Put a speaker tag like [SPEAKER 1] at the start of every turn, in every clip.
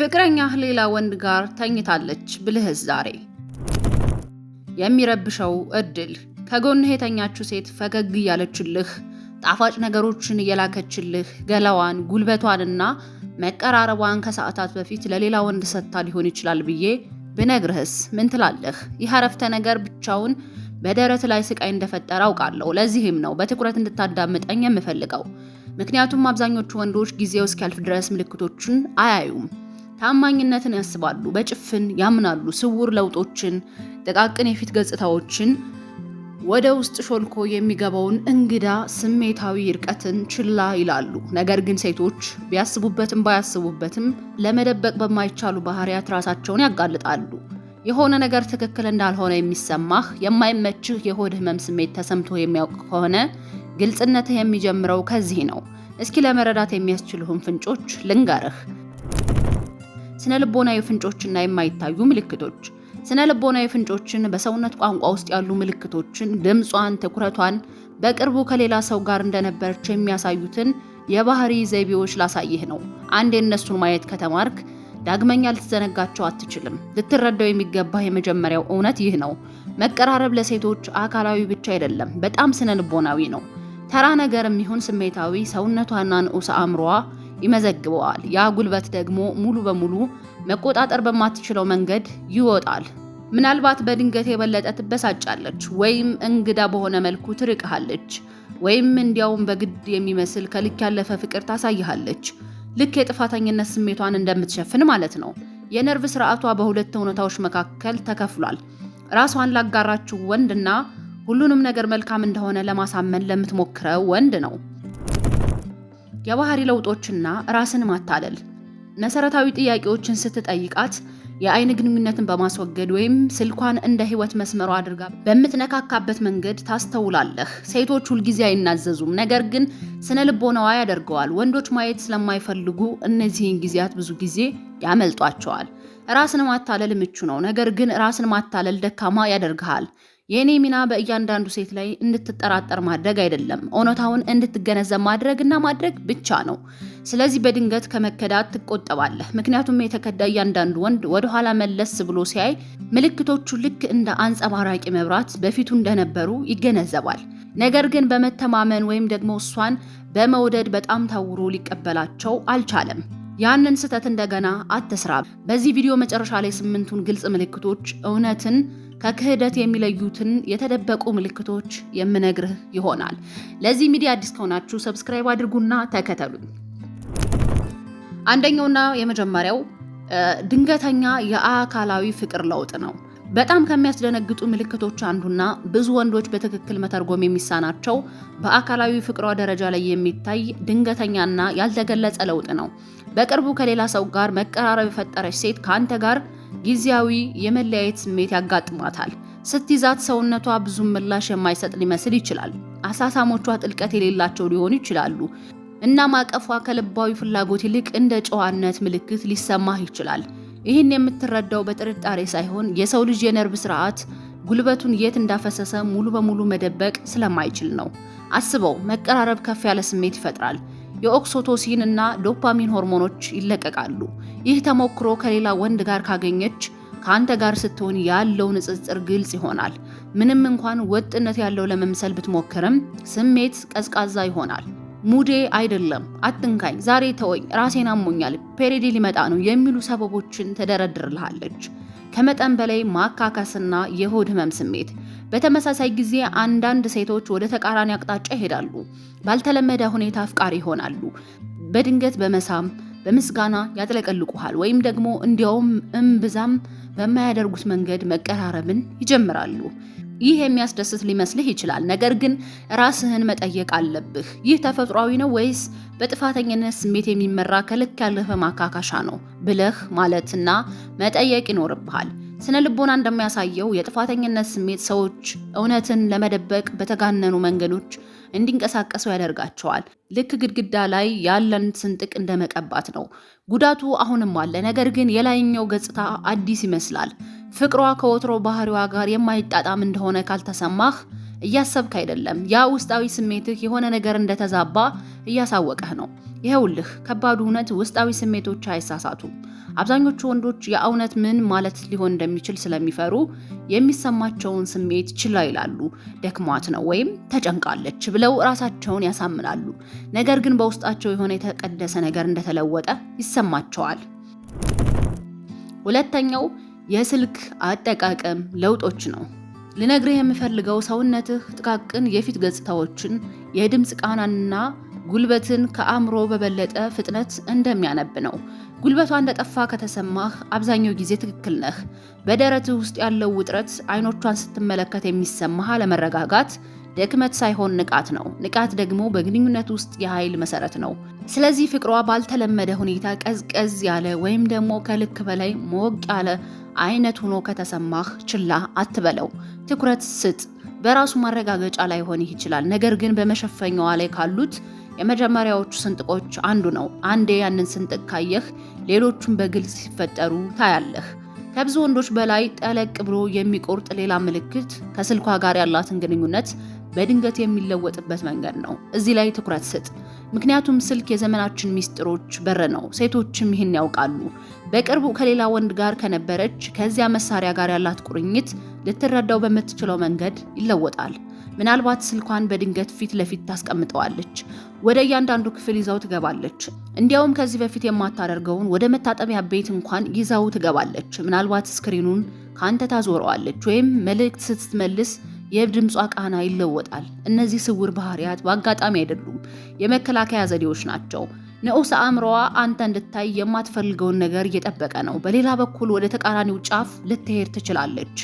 [SPEAKER 1] ፍቅረኛህ ሌላ ወንድ ጋር ተኝታለች ብልህስ ዛሬ የሚረብሸው እድል ከጎንህ የተኛችው ሴት ፈገግ እያለችልህ ጣፋጭ ነገሮችን እየላከችልህ ገላዋን ጉልበቷንና መቀራረቧን ከሰዓታት በፊት ለሌላ ወንድ ሰጥታ ሊሆን ይችላል ብዬ ብነግርህስ ምን ትላለህ? ይህ አረፍተ ነገር ብቻውን በደረት ላይ ስቃይ እንደፈጠረ አውቃለሁ። ለዚህም ነው በትኩረት እንድታዳምጠኝ የምፈልገው፣ ምክንያቱም አብዛኞቹ ወንዶች ጊዜው እስኪያልፍ ድረስ ምልክቶችን አያዩም። ታማኝነትን ያስባሉ፣ በጭፍን ያምናሉ፣ ስውር ለውጦችን፣ ጥቃቅን የፊት ገጽታዎችን፣ ወደ ውስጥ ሾልኮ የሚገባውን እንግዳ ስሜታዊ እርቀትን ችላ ይላሉ። ነገር ግን ሴቶች ቢያስቡበትም ባያስቡበትም ለመደበቅ በማይቻሉ ባህሪያት ራሳቸውን ያጋልጣሉ። የሆነ ነገር ትክክል እንዳልሆነ የሚሰማህ የማይመችህ የሆድ ህመም ስሜት ተሰምቶ የሚያውቅ ከሆነ ግልጽነትህ የሚጀምረው ከዚህ ነው። እስኪ ለመረዳት የሚያስችልህን ፍንጮች ልንገርህ። ስነ ልቦናዊ ፍንጮችና የማይታዩ ምልክቶች ስነ ልቦናዊ ፍንጮችን በሰውነት ቋንቋ ውስጥ ያሉ ምልክቶችን፣ ድምጿን፣ ትኩረቷን፣ በቅርቡ ከሌላ ሰው ጋር እንደነበረች የሚያሳዩትን የባህሪ ዘይቤዎች ላሳይህ ነው። አንድ የእነሱን ማየት ከተማርክ ዳግመኛ ልትዘነጋቸው አትችልም። ልትረዳው የሚገባህ የመጀመሪያው እውነት ይህ ነው። መቀራረብ ለሴቶች አካላዊ ብቻ አይደለም፣ በጣም ስነ ልቦናዊ ነው። ተራ ነገር የሚሆን ስሜታዊ ሰውነቷና ንዑስ አእምሯ ይመዘግበዋል። ያ ጉልበት ደግሞ ሙሉ በሙሉ መቆጣጠር በማትችለው መንገድ ይወጣል። ምናልባት በድንገት የበለጠ ትበሳጫለች፣ ወይም እንግዳ በሆነ መልኩ ትርቅሃለች፣ ወይም እንዲያውም በግድ የሚመስል ከልክ ያለፈ ፍቅር ታሳይሃለች። ልክ የጥፋተኝነት ስሜቷን እንደምትሸፍን ማለት ነው። የነርቭ ስርዓቷ በሁለት እውነታዎች መካከል ተከፍሏል። ራሷን ላጋራችው ወንድና ሁሉንም ነገር መልካም እንደሆነ ለማሳመን ለምትሞክረው ወንድ ነው። የባህሪ ለውጦችና ራስን ማታለል መሰረታዊ ጥያቄዎችን ስትጠይቃት የአይን ግንኙነትን በማስወገድ ወይም ስልኳን እንደ ህይወት መስመሯ አድርጋ በምትነካካበት መንገድ ታስተውላለህ። ሴቶች ሁልጊዜ አይናዘዙም፣ ነገር ግን ስነ ልቦናዋ ያደርገዋል። ወንዶች ማየት ስለማይፈልጉ እነዚህን ጊዜያት ብዙ ጊዜ ያመልጧቸዋል። ራስን ማታለል ምቹ ነው፣ ነገር ግን ራስን ማታለል ደካማ ያደርግሃል። የእኔ ሚና በእያንዳንዱ ሴት ላይ እንድትጠራጠር ማድረግ አይደለም፣ እውነታውን እንድትገነዘብ እና ማድረግ ብቻ ነው። ስለዚህ በድንገት ከመከዳት ትቆጠባለህ። ምክንያቱም የተከዳ እያንዳንዱ ወንድ ወደኋላ መለስ ብሎ ሲያይ ምልክቶቹ ልክ እንደ አንጸባራቂ መብራት በፊቱ እንደነበሩ ይገነዘባል። ነገር ግን በመተማመን ወይም ደግሞ እሷን በመውደድ በጣም ታውሮ ሊቀበላቸው አልቻለም። ያንን ስህተት እንደገና አትስራ። በዚህ ቪዲዮ መጨረሻ ላይ ስምንቱን ግልጽ ምልክቶች እውነትን ከክህደት የሚለዩትን የተደበቁ ምልክቶች የምነግርህ ይሆናል። ለዚህ ሚዲያ አዲስ ከሆናችሁ ሰብስክራይብ አድርጉና ተከተሉኝ። አንደኛውና የመጀመሪያው ድንገተኛ የአካላዊ ፍቅር ለውጥ ነው። በጣም ከሚያስደነግጡ ምልክቶች አንዱና ብዙ ወንዶች በትክክል መተርጎም የሚሳናቸው በአካላዊ ፍቅሯ ደረጃ ላይ የሚታይ ድንገተኛና ያልተገለጸ ለውጥ ነው። በቅርቡ ከሌላ ሰው ጋር መቀራረብ የፈጠረች ሴት ከአንተ ጋር ጊዜያዊ የመለያየት ስሜት ያጋጥማታል። ስትይዛት ሰውነቷ ብዙም ምላሽ የማይሰጥ ሊመስል ይችላል። አሳሳሞቿ ጥልቀት የሌላቸው ሊሆኑ ይችላሉ እና ማቀፏ ከልባዊ ፍላጎት ይልቅ እንደ ጨዋነት ምልክት ሊሰማህ ይችላል። ይህን የምትረዳው በጥርጣሬ ሳይሆን የሰው ልጅ የነርቭ ስርዓት ጉልበቱን የት እንዳፈሰሰ ሙሉ በሙሉ መደበቅ ስለማይችል ነው። አስበው፣ መቀራረብ ከፍ ያለ ስሜት ይፈጥራል። የኦክሶቶሲን እና ዶፓሚን ሆርሞኖች ይለቀቃሉ። ይህ ተሞክሮ ከሌላ ወንድ ጋር ካገኘች ከአንተ ጋር ስትሆን ያለው ንጽጽር ግልጽ ይሆናል። ምንም እንኳን ወጥነት ያለው ለመምሰል ብትሞክርም ስሜት ቀዝቃዛ ይሆናል። ሙዴ አይደለም፣ አትንካኝ፣ ዛሬ ተወኝ፣ ራሴን አሞኛል፣ ፔሬዲ ሊመጣ ነው የሚሉ ሰበቦችን ተደረድርልሃለች። ከመጠን በላይ ማካከስና የሆድ ህመም ስሜት። በተመሳሳይ ጊዜ አንዳንድ ሴቶች ወደ ተቃራኒ አቅጣጫ ይሄዳሉ። ባልተለመደ ሁኔታ አፍቃሪ ይሆናሉ። በድንገት በመሳም በምስጋና ያጥለቀልቁሃል፣ ወይም ደግሞ እንዲያውም እምብዛም በማያደርጉት መንገድ መቀራረብን ይጀምራሉ። ይህ የሚያስደስት ሊመስልህ ይችላል። ነገር ግን ራስህን መጠየቅ አለብህ። ይህ ተፈጥሯዊ ነው ወይስ በጥፋተኝነት ስሜት የሚመራ ከልክ ያለፈ ማካካሻ ነው ብለህ ማለትና መጠየቅ ይኖርብሃል። ስነ ልቦና እንደሚያሳየው የጥፋተኝነት ስሜት ሰዎች እውነትን ለመደበቅ በተጋነኑ መንገዶች እንዲንቀሳቀሱ ያደርጋቸዋል። ልክ ግድግዳ ላይ ያለን ስንጥቅ እንደመቀባት ነው። ጉዳቱ አሁንም አለ፣ ነገር ግን የላይኛው ገጽታ አዲስ ይመስላል። ፍቅሯ ከወትሮ ባህሪዋ ጋር የማይጣጣም እንደሆነ ካልተሰማህ እያሰብክ አይደለም። ያ ውስጣዊ ስሜትህ የሆነ ነገር እንደተዛባ እያሳወቀህ ነው። ይኸውልህ ከባዱ እውነት ውስጣዊ ስሜቶች አይሳሳቱም። አብዛኞቹ ወንዶች የእውነት ምን ማለት ሊሆን እንደሚችል ስለሚፈሩ የሚሰማቸውን ስሜት ችላ ይላሉ። ደክሟት ነው ወይም ተጨንቃለች ብለው ራሳቸውን ያሳምናሉ። ነገር ግን በውስጣቸው የሆነ የተቀደሰ ነገር እንደተለወጠ ይሰማቸዋል። ሁለተኛው የስልክ አጠቃቀም ለውጦች ነው። ልነግርህ የምፈልገው ሰውነትህ ጥቃቅን የፊት ገጽታዎችን የድምፅ ቃናንና ጉልበትን ከአእምሮ በበለጠ ፍጥነት እንደሚያነብ ነው። ጉልበቷ እንደጠፋ ከተሰማህ አብዛኛው ጊዜ ትክክል ነህ። በደረትህ ውስጥ ያለው ውጥረት፣ አይኖቿን ስትመለከት የሚሰማህ አለመረጋጋት ደክመት ሳይሆን ንቃት ነው። ንቃት ደግሞ በግንኙነት ውስጥ የኃይል መሰረት ነው። ስለዚህ ፍቅሯ ባልተለመደ ሁኔታ ቀዝቀዝ ያለ ወይም ደግሞ ከልክ በላይ ሞቅ ያለ አይነት ሆኖ ከተሰማህ ችላ አትበለው፣ ትኩረት ስጥ። በራሱ ማረጋገጫ ላይሆን ይችላል፣ ነገር ግን በመሸፈኛዋ ላይ ካሉት የመጀመሪያዎቹ ስንጥቆች አንዱ ነው። አንዴ ያንን ስንጥቅ ካየህ ሌሎቹን በግልጽ ሲፈጠሩ ታያለህ። ከብዙ ወንዶች በላይ ጠለቅ ብሎ የሚቆርጥ ሌላ ምልክት ከስልኳ ጋር ያላትን ግንኙነት በድንገት የሚለወጥበት መንገድ ነው። እዚህ ላይ ትኩረት ስጥ። ምክንያቱም ስልክ የዘመናችን ሚስጥሮች በር ነው። ሴቶችም ይህን ያውቃሉ። በቅርቡ ከሌላ ወንድ ጋር ከነበረች ከዚያ መሳሪያ ጋር ያላት ቁርኝት ልትረዳው በምትችለው መንገድ ይለወጣል። ምናልባት ስልኳን በድንገት ፊት ለፊት ታስቀምጠዋለች። ወደ እያንዳንዱ ክፍል ይዛው ትገባለች። እንዲያውም ከዚህ በፊት የማታደርገውን ወደ መታጠቢያ ቤት እንኳን ይዛው ትገባለች። ምናልባት ስክሪኑን ከአንተ ታዞረዋለች ወይም መልእክት ስትመልስ የድምጿ ቃና ይለወጣል። እነዚህ ስውር ባህሪያት በአጋጣሚ አይደሉም፣ የመከላከያ ዘዴዎች ናቸው። ንዑስ አእምሮዋ አንተ እንድታይ የማትፈልገውን ነገር እየጠበቀ ነው። በሌላ በኩል ወደ ተቃራኒው ጫፍ ልትሄድ ትችላለች።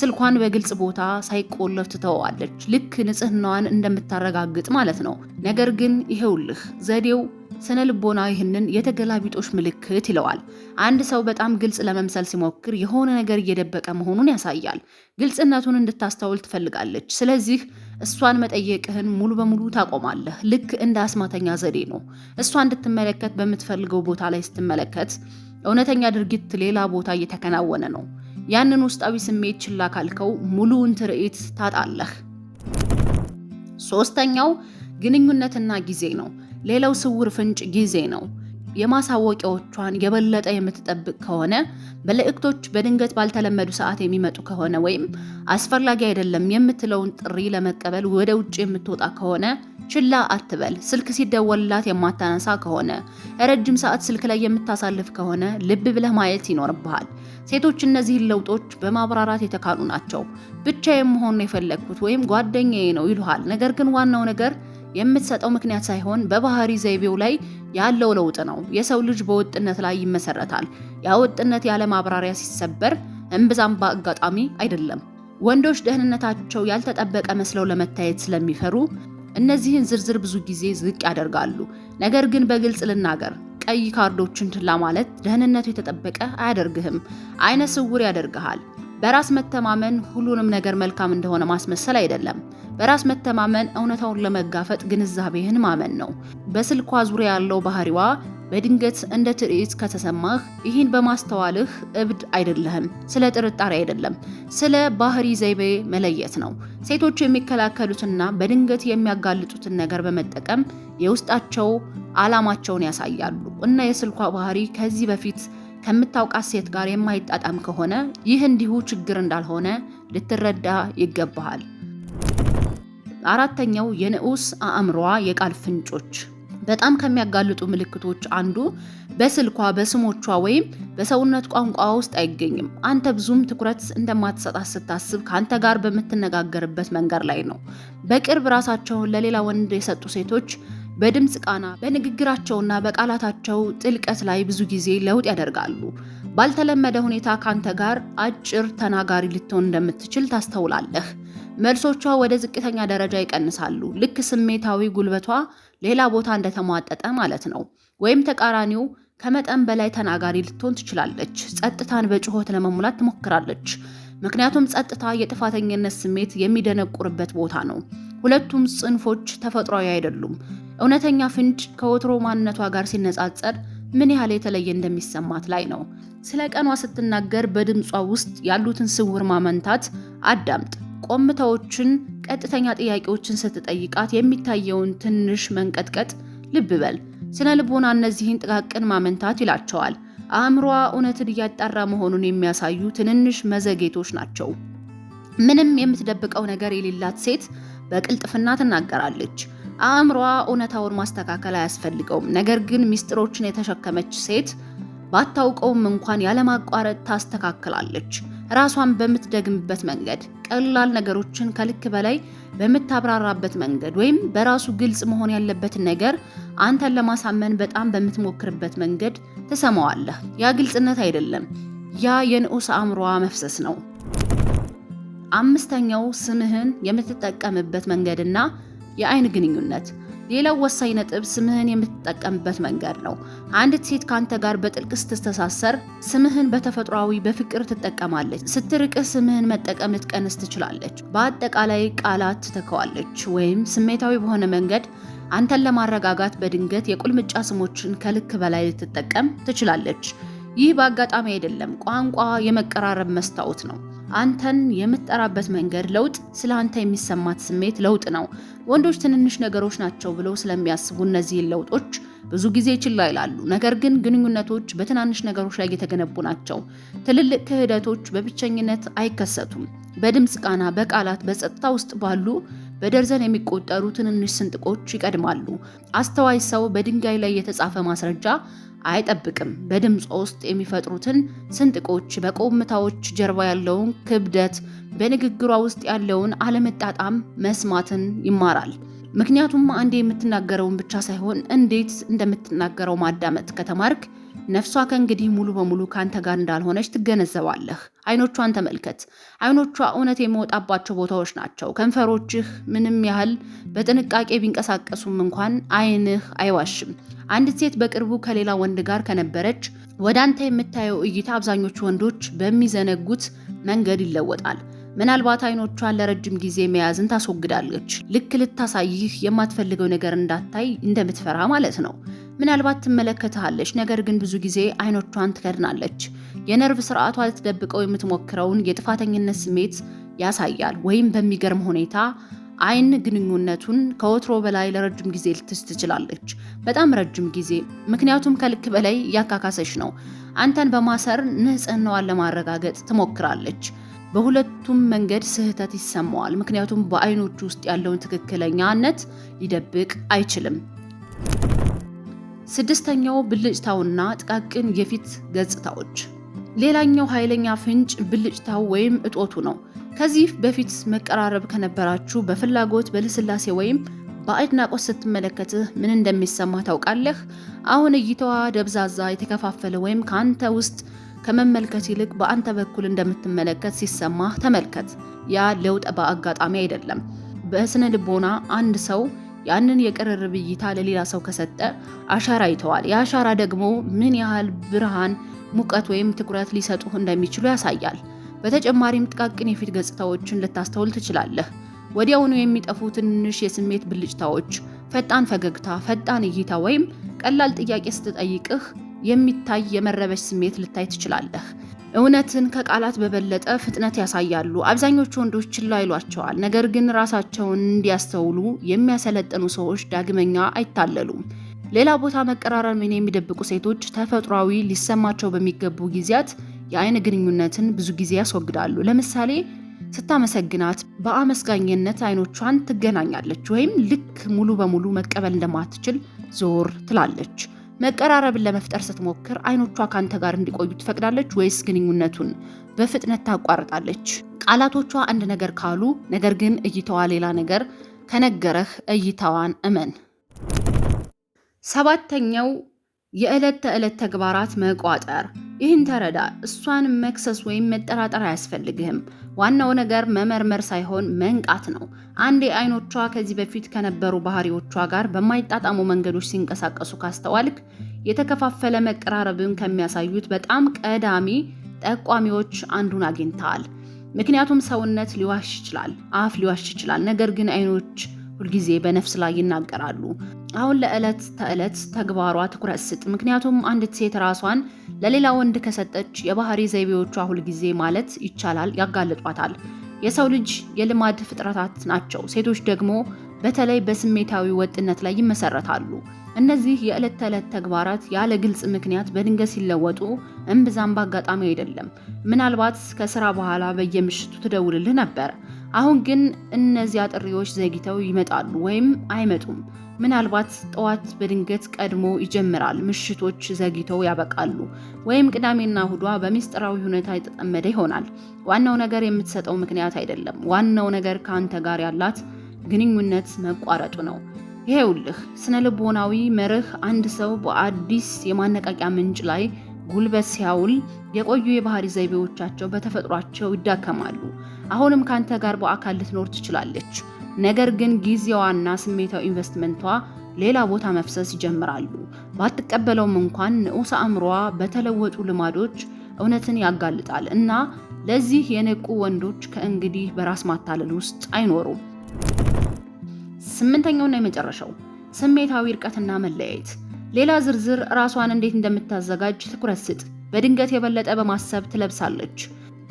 [SPEAKER 1] ስልኳን በግልጽ ቦታ ሳይቆለፍ ትተዋለች፣ ልክ ንጽህናዋን እንደምታረጋግጥ ማለት ነው። ነገር ግን ይሄውልህ ዘዴው ስነ ልቦና ይህንን የተገላቢጦሽ ምልክት ይለዋል። አንድ ሰው በጣም ግልጽ ለመምሰል ሲሞክር የሆነ ነገር እየደበቀ መሆኑን ያሳያል። ግልጽነቱን እንድታስተውል ትፈልጋለች። ስለዚህ እሷን መጠየቅህን ሙሉ በሙሉ ታቆማለህ። ልክ እንደ አስማተኛ ዘዴ ነው። እሷ እንድትመለከት በምትፈልገው ቦታ ላይ ስትመለከት እውነተኛ ድርጊት ሌላ ቦታ እየተከናወነ ነው። ያንን ውስጣዊ ስሜት ችላ ካልከው ሙሉውን ትርኢት ታጣለህ። ሶስተኛው ግንኙነትና ጊዜ ነው። ሌላው ስውር ፍንጭ ጊዜ ነው። የማሳወቂያዎቿን የበለጠ የምትጠብቅ ከሆነ መልእክቶች በድንገት ባልተለመዱ ሰዓት የሚመጡ ከሆነ ወይም አስፈላጊ አይደለም የምትለውን ጥሪ ለመቀበል ወደ ውጭ የምትወጣ ከሆነ ችላ አትበል። ስልክ ሲደወልላት የማታነሳ ከሆነ፣ ረጅም ሰዓት ስልክ ላይ የምታሳልፍ ከሆነ ልብ ብለህ ማየት ይኖርብሃል። ሴቶች እነዚህን ለውጦች በማብራራት የተካኑ ናቸው። ብቻዬን መሆን የፈለግኩት ወይም ጓደኛዬ ነው ይሉሃል። ነገር ግን ዋናው ነገር የምትሰጠው ምክንያት ሳይሆን በባህሪ ዘይቤው ላይ ያለው ለውጥ ነው። የሰው ልጅ በወጥነት ላይ ይመሰረታል። ያ ወጥነት ያለ ማብራሪያ ሲሰበር እምብዛም በአጋጣሚ አይደለም። ወንዶች ደህንነታቸው ያልተጠበቀ መስለው ለመታየት ስለሚፈሩ እነዚህን ዝርዝር ብዙ ጊዜ ዝቅ ያደርጋሉ። ነገር ግን በግልጽ ልናገር፣ ቀይ ካርዶችን ችላ ማለት ደህንነቱ የተጠበቀ አያደርግህም፣ አይነ ስውር ያደርግሃል። በራስ መተማመን ሁሉንም ነገር መልካም እንደሆነ ማስመሰል አይደለም። በራስ መተማመን እውነታውን ለመጋፈጥ ግንዛቤህን ማመን ነው። በስልኳ ዙሪያ ያለው ባህሪዋ በድንገት እንደ ትርኢት ከተሰማህ ይህን በማስተዋልህ እብድ አይደለህም። ስለ ጥርጣሬ አይደለም፣ ስለ ባህሪ ዘይቤ መለየት ነው። ሴቶች የሚከላከሉትና በድንገት የሚያጋልጡትን ነገር በመጠቀም የውስጣቸው ዓላማቸውን ያሳያሉ እና የስልኳ ባህሪ ከዚህ በፊት ከምታውቃት ሴት ጋር የማይጣጣም ከሆነ ይህ እንዲሁ ችግር እንዳልሆነ ልትረዳ ይገባሃል። አራተኛው የንዑስ አእምሯ የቃል ፍንጮች በጣም ከሚያጋልጡ ምልክቶች አንዱ በስልኳ በስሞቿ ወይም በሰውነት ቋንቋ ውስጥ አይገኝም። አንተ ብዙም ትኩረት እንደማትሰጣት ስታስብ ከአንተ ጋር በምትነጋገርበት መንገድ ላይ ነው። በቅርብ ራሳቸውን ለሌላ ወንድ የሰጡ ሴቶች በድምፅ ቃና፣ በንግግራቸውና በቃላታቸው ጥልቀት ላይ ብዙ ጊዜ ለውጥ ያደርጋሉ። ባልተለመደ ሁኔታ ካንተ ጋር አጭር ተናጋሪ ልትሆን እንደምትችል ታስተውላለህ። መልሶቿ ወደ ዝቅተኛ ደረጃ ይቀንሳሉ። ልክ ስሜታዊ ጉልበቷ ሌላ ቦታ እንደተሟጠጠ ማለት ነው። ወይም ተቃራኒው ከመጠን በላይ ተናጋሪ ልትሆን ትችላለች። ጸጥታን በጩኸት ለመሙላት ትሞክራለች። ምክንያቱም ጸጥታ የጥፋተኝነት ስሜት የሚደነቁርበት ቦታ ነው። ሁለቱም ጽንፎች ተፈጥሯዊ አይደሉም። እውነተኛ ፍንጭ ከወትሮ ማንነቷ ጋር ሲነጻጸር ምን ያህል የተለየ እንደሚሰማት ላይ ነው። ስለ ቀኗ ስትናገር በድምጿ ውስጥ ያሉትን ስውር ማመንታት አዳምጥ። ቆምታዎችን፣ ቀጥተኛ ጥያቄዎችን ስትጠይቃት የሚታየውን ትንሽ መንቀጥቀጥ ልብ በል። ስነ ልቦና እነዚህን ጥቃቅን ማመንታት ይላቸዋል። አእምሯ እውነትን እያጣራ መሆኑን የሚያሳዩ ትንንሽ መዘጌቶች ናቸው። ምንም የምትደብቀው ነገር የሌላት ሴት በቅልጥፍና ትናገራለች። አእምሯ እውነታውን ማስተካከል አያስፈልገውም። ነገር ግን ሚስጥሮችን የተሸከመች ሴት ባታውቀውም እንኳን ያለማቋረጥ ታስተካክላለች። ራሷን በምትደግምበት መንገድ፣ ቀላል ነገሮችን ከልክ በላይ በምታብራራበት መንገድ ወይም በራሱ ግልጽ መሆን ያለበትን ነገር አንተን ለማሳመን በጣም በምትሞክርበት መንገድ ትሰማዋለህ። ያ ግልጽነት አይደለም፣ ያ የንዑስ አእምሯ መፍሰስ ነው። አምስተኛው ስምህን የምትጠቀምበት መንገድና የአይን ግንኙነት ሌላው ወሳኝ ነጥብ ስምህን የምትጠቀምበት መንገድ ነው። አንዲት ሴት ካንተ ጋር በጥልቅ ስትተሳሰር ስምህን በተፈጥሯዊ በፍቅር ትጠቀማለች። ስትርቅ ስምህን መጠቀም ልትቀንስ ትችላለች። በአጠቃላይ ቃላት ትተከዋለች ወይም ስሜታዊ በሆነ መንገድ አንተን ለማረጋጋት በድንገት የቁልምጫ ስሞችን ከልክ በላይ ልትጠቀም ትችላለች። ይህ በአጋጣሚ አይደለም። ቋንቋ የመቀራረብ መስታወት ነው። አንተን የምትጠራበት መንገድ ለውጥ፣ ስለ አንተ የሚሰማት ስሜት ለውጥ ነው። ወንዶች ትንንሽ ነገሮች ናቸው ብለው ስለሚያስቡ እነዚህን ለውጦች ብዙ ጊዜ ችላ ይላሉ። ነገር ግን ግንኙነቶች በትናንሽ ነገሮች ላይ የተገነቡ ናቸው። ትልልቅ ክህደቶች በብቸኝነት አይከሰቱም። በድምፅ ቃና፣ በቃላት፣ በጸጥታ ውስጥ ባሉ በደርዘን የሚቆጠሩ ትንንሽ ስንጥቆች ይቀድማሉ። አስተዋይ ሰው በድንጋይ ላይ የተጻፈ ማስረጃ አይጠብቅም። በድምፅ ውስጥ የሚፈጥሩትን ስንጥቆች፣ በቆምታዎች ጀርባ ያለውን ክብደት፣ በንግግሯ ውስጥ ያለውን አለመጣጣም መስማትን ይማራል። ምክንያቱም አንዴ የምትናገረውን ብቻ ሳይሆን እንዴት እንደምትናገረው ማዳመጥ ከተማርክ ነፍሷ ከእንግዲህ ሙሉ በሙሉ ካንተ ጋር እንዳልሆነች ትገነዘባለህ። አይኖቿን ተመልከት። አይኖቿ እውነት የሚወጣባቸው ቦታዎች ናቸው። ከንፈሮችህ ምንም ያህል በጥንቃቄ ቢንቀሳቀሱም እንኳን አይንህ አይዋሽም። አንዲት ሴት በቅርቡ ከሌላ ወንድ ጋር ከነበረች ወደ አንተ የምታየው እይታ አብዛኞቹ ወንዶች በሚዘነጉት መንገድ ይለወጣል። ምናልባት አይኖቿን ለረጅም ጊዜ መያዝን ታስወግዳለች። ልክ ልታሳይህ የማትፈልገው ነገር እንዳታይ እንደምትፈራ ማለት ነው። ምናልባት ትመለከትሃለች፣ ነገር ግን ብዙ ጊዜ አይኖቿን ትከድናለች። የነርቭ ስርዓቷ ልትደብቀው የምትሞክረውን የጥፋተኝነት ስሜት ያሳያል። ወይም በሚገርም ሁኔታ አይን ግንኙነቱን ከወትሮ በላይ ለረጅም ጊዜ ልትስ ትችላለች። በጣም ረጅም ጊዜ፣ ምክንያቱም ከልክ በላይ እያካካሰች ነው። አንተን በማሰር ንጽህናዋን ለማረጋገጥ ትሞክራለች። በሁለቱም መንገድ ስህተት ይሰማዋል፣ ምክንያቱም በአይኖቹ ውስጥ ያለውን ትክክለኛነት ሊደብቅ አይችልም። ስድስተኛው ብልጭታውና ጥቃቅን የፊት ገጽታዎች። ሌላኛው ኃይለኛ ፍንጭ ብልጭታው ወይም እጦቱ ነው። ከዚህ በፊት መቀራረብ ከነበራችሁ በፍላጎት በልስላሴ ወይም በአድናቆት ስትመለከትህ ምን እንደሚሰማ ታውቃለህ። አሁን እይታዋ ደብዛዛ፣ የተከፋፈለ ወይም ከአንተ ውስጥ ከመመልከት ይልቅ በአንተ በኩል እንደምትመለከት ሲሰማህ ተመልከት። ያ ለውጥ በአጋጣሚ አይደለም። በስነ ልቦና አንድ ሰው ያንን የቅርርብ እይታ ለሌላ ሰው ከሰጠ አሻራ ይተዋል። የአሻራ ደግሞ ምን ያህል ብርሃን፣ ሙቀት ወይም ትኩረት ሊሰጡህ እንደሚችሉ ያሳያል። በተጨማሪም ጥቃቅን የፊት ገጽታዎችን ልታስተውል ትችላለህ። ወዲያውኑ የሚጠፉ ትንሽ የስሜት ብልጭታዎች፣ ፈጣን ፈገግታ፣ ፈጣን እይታ ወይም ቀላል ጥያቄ ስትጠይቅህ የሚታይ የመረበሽ ስሜት ልታይ ትችላለህ። እውነትን ከቃላት በበለጠ ፍጥነት ያሳያሉ። አብዛኞቹ ወንዶች ችላ ይሏቸዋል። ነገር ግን ራሳቸውን እንዲያስተውሉ የሚያሰለጥኑ ሰዎች ዳግመኛ አይታለሉም። ሌላ ቦታ መቀራረብን የሚደብቁ ሴቶች ተፈጥሯዊ ሊሰማቸው በሚገቡ ጊዜያት የአይን ግንኙነትን ብዙ ጊዜ ያስወግዳሉ። ለምሳሌ ስታመሰግናት በአመስጋኝነት አይኖቿን ትገናኛለች፣ ወይም ልክ ሙሉ በሙሉ መቀበል እንደማትችል ዞር ትላለች። መቀራረብን ለመፍጠር ስትሞክር አይኖቿ ካንተ ጋር እንዲቆዩ ትፈቅዳለች ወይስ ግንኙነቱን በፍጥነት ታቋርጣለች? ቃላቶቿ አንድ ነገር ካሉ፣ ነገር ግን እይታዋ ሌላ ነገር ከነገረህ እይታዋን እመን። ሰባተኛው የዕለት ተዕለት ተግባራት መቋጠር። ይህን ተረዳ። እሷን መክሰስ ወይም መጠራጠር አያስፈልግህም። ዋናው ነገር መመርመር ሳይሆን መንቃት ነው። አንዴ አይኖቿ ከዚህ በፊት ከነበሩ ባህሪዎቿ ጋር በማይጣጣሙ መንገዶች ሲንቀሳቀሱ ካስተዋልክ የተከፋፈለ መቀራረብን ከሚያሳዩት በጣም ቀዳሚ ጠቋሚዎች አንዱን አግኝተሃል። ምክንያቱም ሰውነት ሊዋሽ ይችላል፣ አፍ ሊዋሽ ይችላል፣ ነገር ግን አይኖች ሁልጊዜ በነፍስ ላይ ይናገራሉ። አሁን ለዕለት ተዕለት ተግባሯ ትኩረት ስጥ። ምክንያቱም አንዲት ሴት ራሷን ለሌላ ወንድ ከሰጠች የባህሪ ዘይቤዎቿ ሁልጊዜ ማለት ይቻላል ያጋልጧታል። የሰው ልጅ የልማድ ፍጥረታት ናቸው። ሴቶች ደግሞ በተለይ በስሜታዊ ወጥነት ላይ ይመሰረታሉ። እነዚህ የዕለት ተዕለት ተግባራት ያለ ግልጽ ምክንያት በድንገት ሲለወጡ እምብዛም በአጋጣሚ አይደለም። ምናልባት ከስራ በኋላ በየምሽቱ ትደውልልህ ነበር አሁን ግን እነዚያ ጥሪዎች ዘግይተው ይመጣሉ ወይም አይመጡም። ምናልባት ጠዋት በድንገት ቀድሞ ይጀምራል፣ ምሽቶች ዘግይተው ያበቃሉ፣ ወይም ቅዳሜና እሁዷ በሚስጥራዊ ሁኔታ የተጠመደ ይሆናል። ዋናው ነገር የምትሰጠው ምክንያት አይደለም። ዋናው ነገር ከአንተ ጋር ያላት ግንኙነት መቋረጡ ነው። ይሄውልህ ስነ ልቦናዊ መርህ አንድ ሰው በአዲስ የማነቃቂያ ምንጭ ላይ ጉልበት ሲያውል የቆዩ የባህሪ ዘይቤዎቻቸው በተፈጥሯቸው ይዳከማሉ። አሁንም ካንተ ጋር በአካል ልትኖር ትችላለች። ነገር ግን ጊዜዋና ስሜታዊ ኢንቨስትመንቷ ሌላ ቦታ መፍሰስ ይጀምራሉ። ባትቀበለውም እንኳን ንዑስ አእምሯ በተለወጡ ልማዶች እውነትን ያጋልጣል እና ለዚህ የነቁ ወንዶች ከእንግዲህ በራስ ማታለል ውስጥ አይኖሩም። ስምንተኛውና የመጨረሻው ስሜታዊ እርቀትና መለያየት። ሌላ ዝርዝር ራሷን እንዴት እንደምታዘጋጅ ትኩረት ስጥ። በድንገት የበለጠ በማሰብ ትለብሳለች።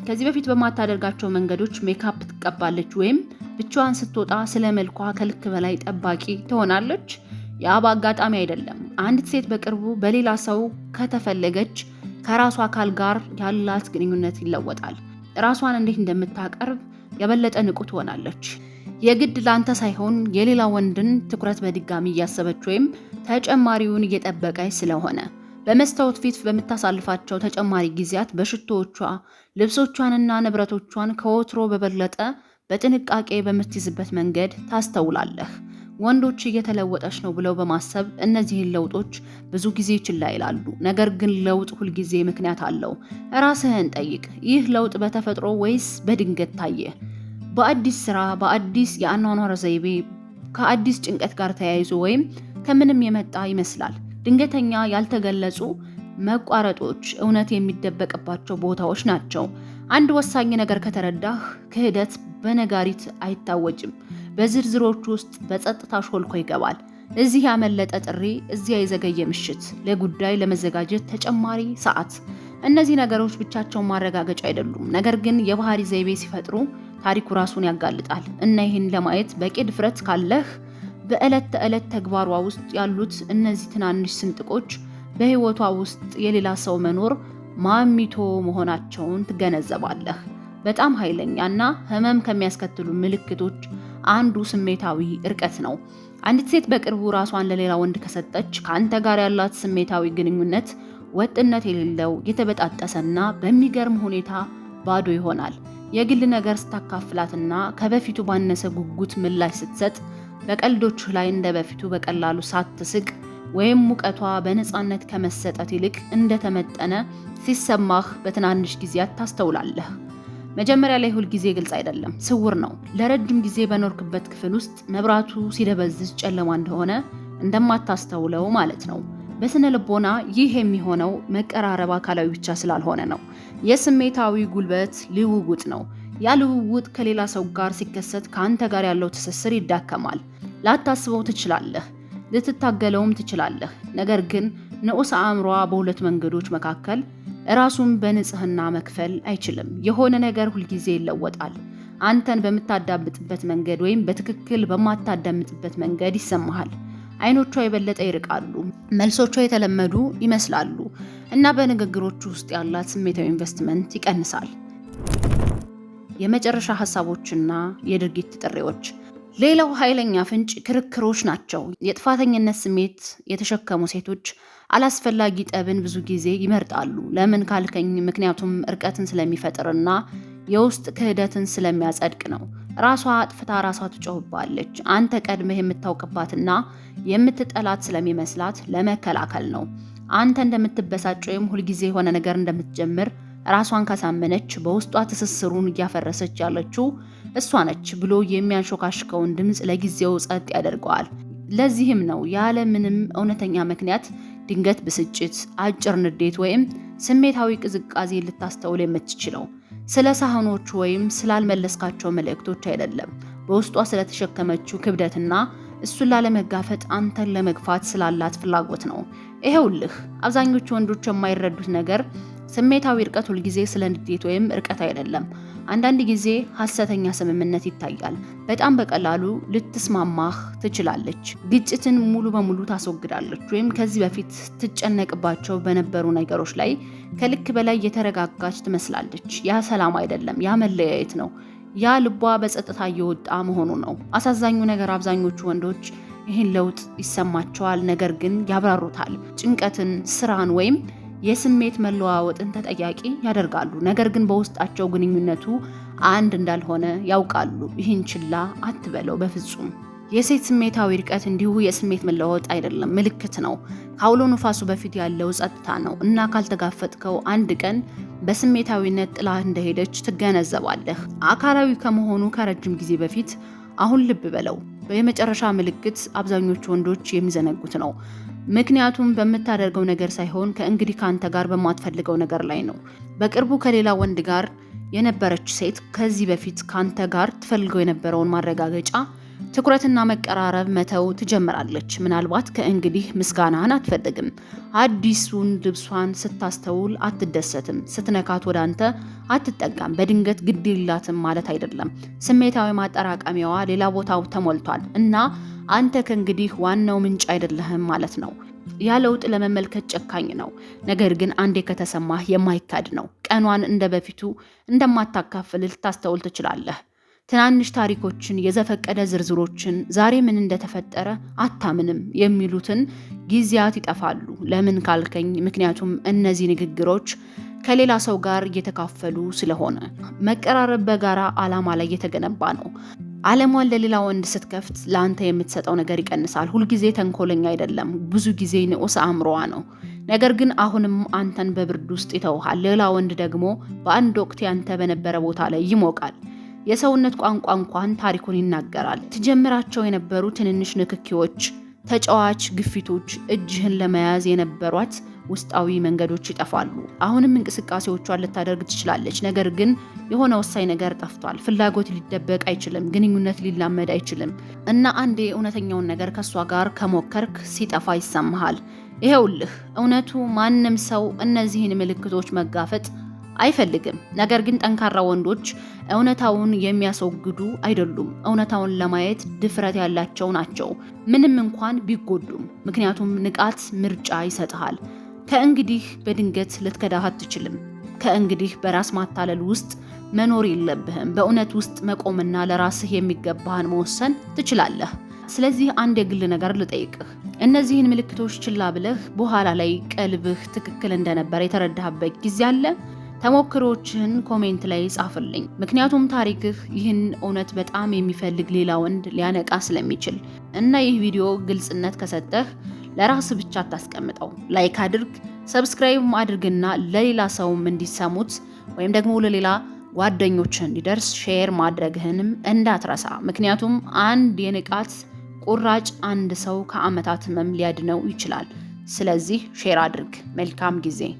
[SPEAKER 1] ከዚህ በፊት በማታደርጋቸው መንገዶች ሜካፕ ትቀባለች፣ ወይም ብቻዋን ስትወጣ ስለ መልኳ ከልክ በላይ ጠባቂ ትሆናለች። ያ በአጋጣሚ አይደለም። አንዲት ሴት በቅርቡ በሌላ ሰው ከተፈለገች ከራሷ አካል ጋር ያላት ግንኙነት ይለወጣል። ራሷን እንዴት እንደምታቀርብ የበለጠ ንቁ ትሆናለች። የግድ ላንተ ሳይሆን የሌላ ወንድን ትኩረት በድጋሚ እያሰበች ወይም ተጨማሪውን እየጠበቀች ስለሆነ በመስታወት ፊት በምታሳልፋቸው ተጨማሪ ጊዜያት በሽቶዎቿ ልብሶቿንና ንብረቶቿን ከወትሮ በበለጠ በጥንቃቄ በምትይዝበት መንገድ ታስተውላለህ። ወንዶች እየተለወጠች ነው ብለው በማሰብ እነዚህን ለውጦች ብዙ ጊዜ ችላ ይላሉ። ነገር ግን ለውጥ ሁልጊዜ ምክንያት አለው። ራስህን ጠይቅ። ይህ ለውጥ በተፈጥሮ ወይስ በድንገት ታየ? በአዲስ ስራ፣ በአዲስ የአኗኗር ዘይቤ፣ ከአዲስ ጭንቀት ጋር ተያይዞ ወይም ከምንም የመጣ ይመስላል። ድንገተኛ ያልተገለጹ መቋረጦች እውነት የሚደበቅባቸው ቦታዎች ናቸው። አንድ ወሳኝ ነገር ከተረዳህ ክህደት በነጋሪት አይታወጅም፣ በዝርዝሮች ውስጥ በጸጥታ ሾልኮ ይገባል። እዚህ ያመለጠ ጥሪ፣ እዚያ የዘገየ ምሽት፣ ለጉዳይ ለመዘጋጀት ተጨማሪ ሰዓት። እነዚህ ነገሮች ብቻቸውን ማረጋገጫ አይደሉም፣ ነገር ግን የባህሪ ዘይቤ ሲፈጥሩ ታሪኩ ራሱን ያጋልጣል እና ይህን ለማየት በቂ ድፍረት ካለህ በዕለት ተዕለት ተግባሯ ውስጥ ያሉት እነዚህ ትናንሽ ስንጥቆች በሕይወቷ ውስጥ የሌላ ሰው መኖር ማሚቶ መሆናቸውን ትገነዘባለህ። በጣም ኃይለኛና ህመም ከሚያስከትሉ ምልክቶች አንዱ ስሜታዊ እርቀት ነው። አንዲት ሴት በቅርቡ ራሷን ለሌላ ወንድ ከሰጠች ከአንተ ጋር ያላት ስሜታዊ ግንኙነት ወጥነት የሌለው የተበጣጠሰና በሚገርም ሁኔታ ባዶ ይሆናል። የግል ነገር ስታካፍላትና ከበፊቱ ባነሰ ጉጉት ምላሽ ስትሰጥ በቀልዶቹ ላይ እንደ በፊቱ በቀላሉ ሳትስቅ ወይም ሙቀቷ በነፃነት ከመሰጠት ይልቅ እንደተመጠነ ሲሰማህ በትናንሽ ጊዜያት ታስተውላለህ። መጀመሪያ ላይ ሁልጊዜ ግልጽ አይደለም፣ ስውር ነው። ለረጅም ጊዜ በኖርክበት ክፍል ውስጥ መብራቱ ሲደበዝዝ ጨለማ እንደሆነ እንደማታስተውለው ማለት ነው። በስነ ልቦና ይህ የሚሆነው መቀራረብ አካላዊ ብቻ ስላልሆነ ነው። የስሜታዊ ጉልበት ልውውጥ ነው። ያ ልውውጥ ከሌላ ሰው ጋር ሲከሰት ከአንተ ጋር ያለው ትስስር ይዳከማል። ላታስበው ትችላለህ፣ ልትታገለውም ትችላለህ። ነገር ግን ንዑስ አእምሯ በሁለት መንገዶች መካከል ራሱን በንጽህና መክፈል አይችልም። የሆነ ነገር ሁልጊዜ ይለወጣል። አንተን በምታዳምጥበት መንገድ ወይም በትክክል በማታዳምጥበት መንገድ ይሰማሃል። አይኖቿ የበለጠ ይርቃሉ፣ መልሶቿ የተለመዱ ይመስላሉ እና በንግግሮች ውስጥ ያላት ስሜታዊ ኢንቨስትመንት ይቀንሳል። የመጨረሻ ሀሳቦችና የድርጊት ጥሪዎች ሌላው ኃይለኛ ፍንጭ ክርክሮች ናቸው። የጥፋተኝነት ስሜት የተሸከሙ ሴቶች አላስፈላጊ ጠብን ብዙ ጊዜ ይመርጣሉ። ለምን ካልከኝ፣ ምክንያቱም እርቀትን ስለሚፈጥርና የውስጥ ክህደትን ስለሚያጸድቅ ነው። ራሷ አጥፍታ ራሷ ትጮህባለች። አንተ ቀድመህ የምታውቅባትና የምትጠላት ስለሚመስላት ለመከላከል ነው። አንተ እንደምትበሳጭ ወይም ሁልጊዜ የሆነ ነገር እንደምትጀምር ራሷን ካሳመነች በውስጧ ትስስሩን እያፈረሰች ያለችው እሷ ነች ብሎ የሚያንሾካሽከውን ድምፅ ለጊዜው ጸጥ ያደርገዋል። ለዚህም ነው ያለ ምንም እውነተኛ ምክንያት ድንገት ብስጭት፣ አጭር ንዴት ወይም ስሜታዊ ቅዝቃዜ ልታስተውል የምትችለው። ስለ ሳህኖቹ ወይም ስላልመለስካቸው መልእክቶች አይደለም፣ በውስጧ ስለተሸከመችው ክብደትና እሱን ላለመጋፈጥ አንተን ለመግፋት ስላላት ፍላጎት ነው። ይሄውልህ አብዛኞቹ ወንዶች የማይረዱት ነገር ስሜታዊ እርቀት ሁልጊዜ ስለ ንዴት ወይም እርቀት አይደለም። አንዳንድ ጊዜ ሀሰተኛ ስምምነት ይታያል። በጣም በቀላሉ ልትስማማህ ትችላለች፣ ግጭትን ሙሉ በሙሉ ታስወግዳለች፣ ወይም ከዚህ በፊት ትጨነቅባቸው በነበሩ ነገሮች ላይ ከልክ በላይ የተረጋጋች ትመስላለች። ያ ሰላም አይደለም፣ ያ መለያየት ነው። ያ ልቧ በጸጥታ እየወጣ መሆኑ ነው። አሳዛኙ ነገር አብዛኞቹ ወንዶች ይህን ለውጥ ይሰማቸዋል፣ ነገር ግን ያብራሩታል። ጭንቀትን፣ ስራን ወይም የስሜት መለዋወጥን ተጠያቂ ያደርጋሉ። ነገር ግን በውስጣቸው ግንኙነቱ አንድ እንዳልሆነ ያውቃሉ። ይህን ችላ አትበለው በፍጹም። የሴት ስሜታዊ ርቀት እንዲሁ የስሜት መለዋወጥ አይደለም፣ ምልክት ነው። ከአውሎ ንፋሱ በፊት ያለው ጸጥታ ነው እና ካልተጋፈጥከው አንድ ቀን በስሜታዊነት ጥላህ እንደሄደች ትገነዘባለህ። አካላዊ ከመሆኑ ከረጅም ጊዜ በፊት አሁን ልብ በለው። የመጨረሻ ምልክት አብዛኞቹ ወንዶች የሚዘነጉት ነው። ምክንያቱም በምታደርገው ነገር ሳይሆን ከእንግዲህ ከአንተ ጋር በማትፈልገው ነገር ላይ ነው። በቅርቡ ከሌላ ወንድ ጋር የነበረች ሴት ከዚህ በፊት ካንተ ጋር ትፈልገው የነበረውን ማረጋገጫ ትኩረትና መቀራረብ መተው ትጀምራለች። ምናልባት ከእንግዲህ ምስጋናህን አትፈልግም። አዲሱን ልብሷን ስታስተውል አትደሰትም። ስትነካት ወደ አንተ አትጠጋም። በድንገት ግድ የላትም ማለት አይደለም። ስሜታዊ ማጠራቀሚያዋ ሌላ ቦታው ተሞልቷል እና አንተ ከእንግዲህ ዋናው ምንጭ አይደለህም ማለት ነው። ያ ለውጥ ለመመልከት ጨካኝ ነው፣ ነገር ግን አንዴ ከተሰማህ የማይካድ ነው። ቀኗን እንደ በፊቱ እንደማታካፍል ልታስተውል ትችላለህ። ትናንሽ ታሪኮችን፣ የዘፈቀደ ዝርዝሮችን፣ ዛሬ ምን እንደተፈጠረ አታምንም የሚሉትን ጊዜያት ይጠፋሉ። ለምን ካልከኝ፣ ምክንያቱም እነዚህ ንግግሮች ከሌላ ሰው ጋር እየተካፈሉ ስለሆነ። መቀራረብ በጋራ ዓላማ ላይ የተገነባ ነው። ዓለሟን ለሌላ ወንድ ስትከፍት ለአንተ የምትሰጠው ነገር ይቀንሳል። ሁልጊዜ ተንኮለኛ አይደለም፣ ብዙ ጊዜ ንዑስ አእምሮዋ ነው። ነገር ግን አሁንም አንተን በብርድ ውስጥ ይተውሃል። ሌላ ወንድ ደግሞ በአንድ ወቅት ያንተ በነበረ ቦታ ላይ ይሞቃል። የሰውነት ቋንቋ እንኳን ታሪኩን ይናገራል። ትጀምራቸው የነበሩ ትንንሽ ንክኪዎች፣ ተጫዋች ግፊቶች፣ እጅህን ለመያዝ የነበሯት ውስጣዊ መንገዶች ይጠፋሉ። አሁንም እንቅስቃሴዎቿን ልታደርግ ትችላለች፣ ነገር ግን የሆነ ወሳኝ ነገር ጠፍቷል። ፍላጎት ሊደበቅ አይችልም፣ ግንኙነት ሊላመድ አይችልም። እና አንድ የእውነተኛውን ነገር ከእሷ ጋር ከሞከርክ ሲጠፋ ይሰማሃል። ይሄውልህ እውነቱ ማንም ሰው እነዚህን ምልክቶች መጋፈጥ አይፈልግም። ነገር ግን ጠንካራ ወንዶች እውነታውን የሚያስወግዱ አይደሉም። እውነታውን ለማየት ድፍረት ያላቸው ናቸው፣ ምንም እንኳን ቢጎዱም። ምክንያቱም ንቃት ምርጫ ይሰጥሃል። ከእንግዲህ በድንገት ልትከዳህ አትችልም። ከእንግዲህ በራስ ማታለል ውስጥ መኖር የለብህም። በእውነት ውስጥ መቆምና ለራስህ የሚገባህን መወሰን ትችላለህ። ስለዚህ አንድ የግል ነገር ልጠይቅህ። እነዚህን ምልክቶች ችላ ብለህ በኋላ ላይ ቀልብህ ትክክል እንደነበረ የተረዳህበት ጊዜ አለ? ተሞክሮችህን ኮሜንት ላይ ጻፍልኝ። ምክንያቱም ታሪክህ ይህን እውነት በጣም የሚፈልግ ሌላ ወንድ ሊያነቃ ስለሚችል እና ይህ ቪዲዮ ግልጽነት ከሰጠህ ለራስ ብቻ አታስቀምጠው። ላይክ አድርግ፣ ሰብስክራይብ አድርግና ለሌላ ሰውም እንዲሰሙት ወይም ደግሞ ለሌላ ጓደኞች እንዲደርስ ሼር ማድረግህንም እንዳትረሳ። ምክንያቱም አንድ የንቃት ቁራጭ አንድ ሰው ከዓመታት ህመም ሊያድነው ይችላል። ስለዚህ ሼር አድርግ። መልካም ጊዜ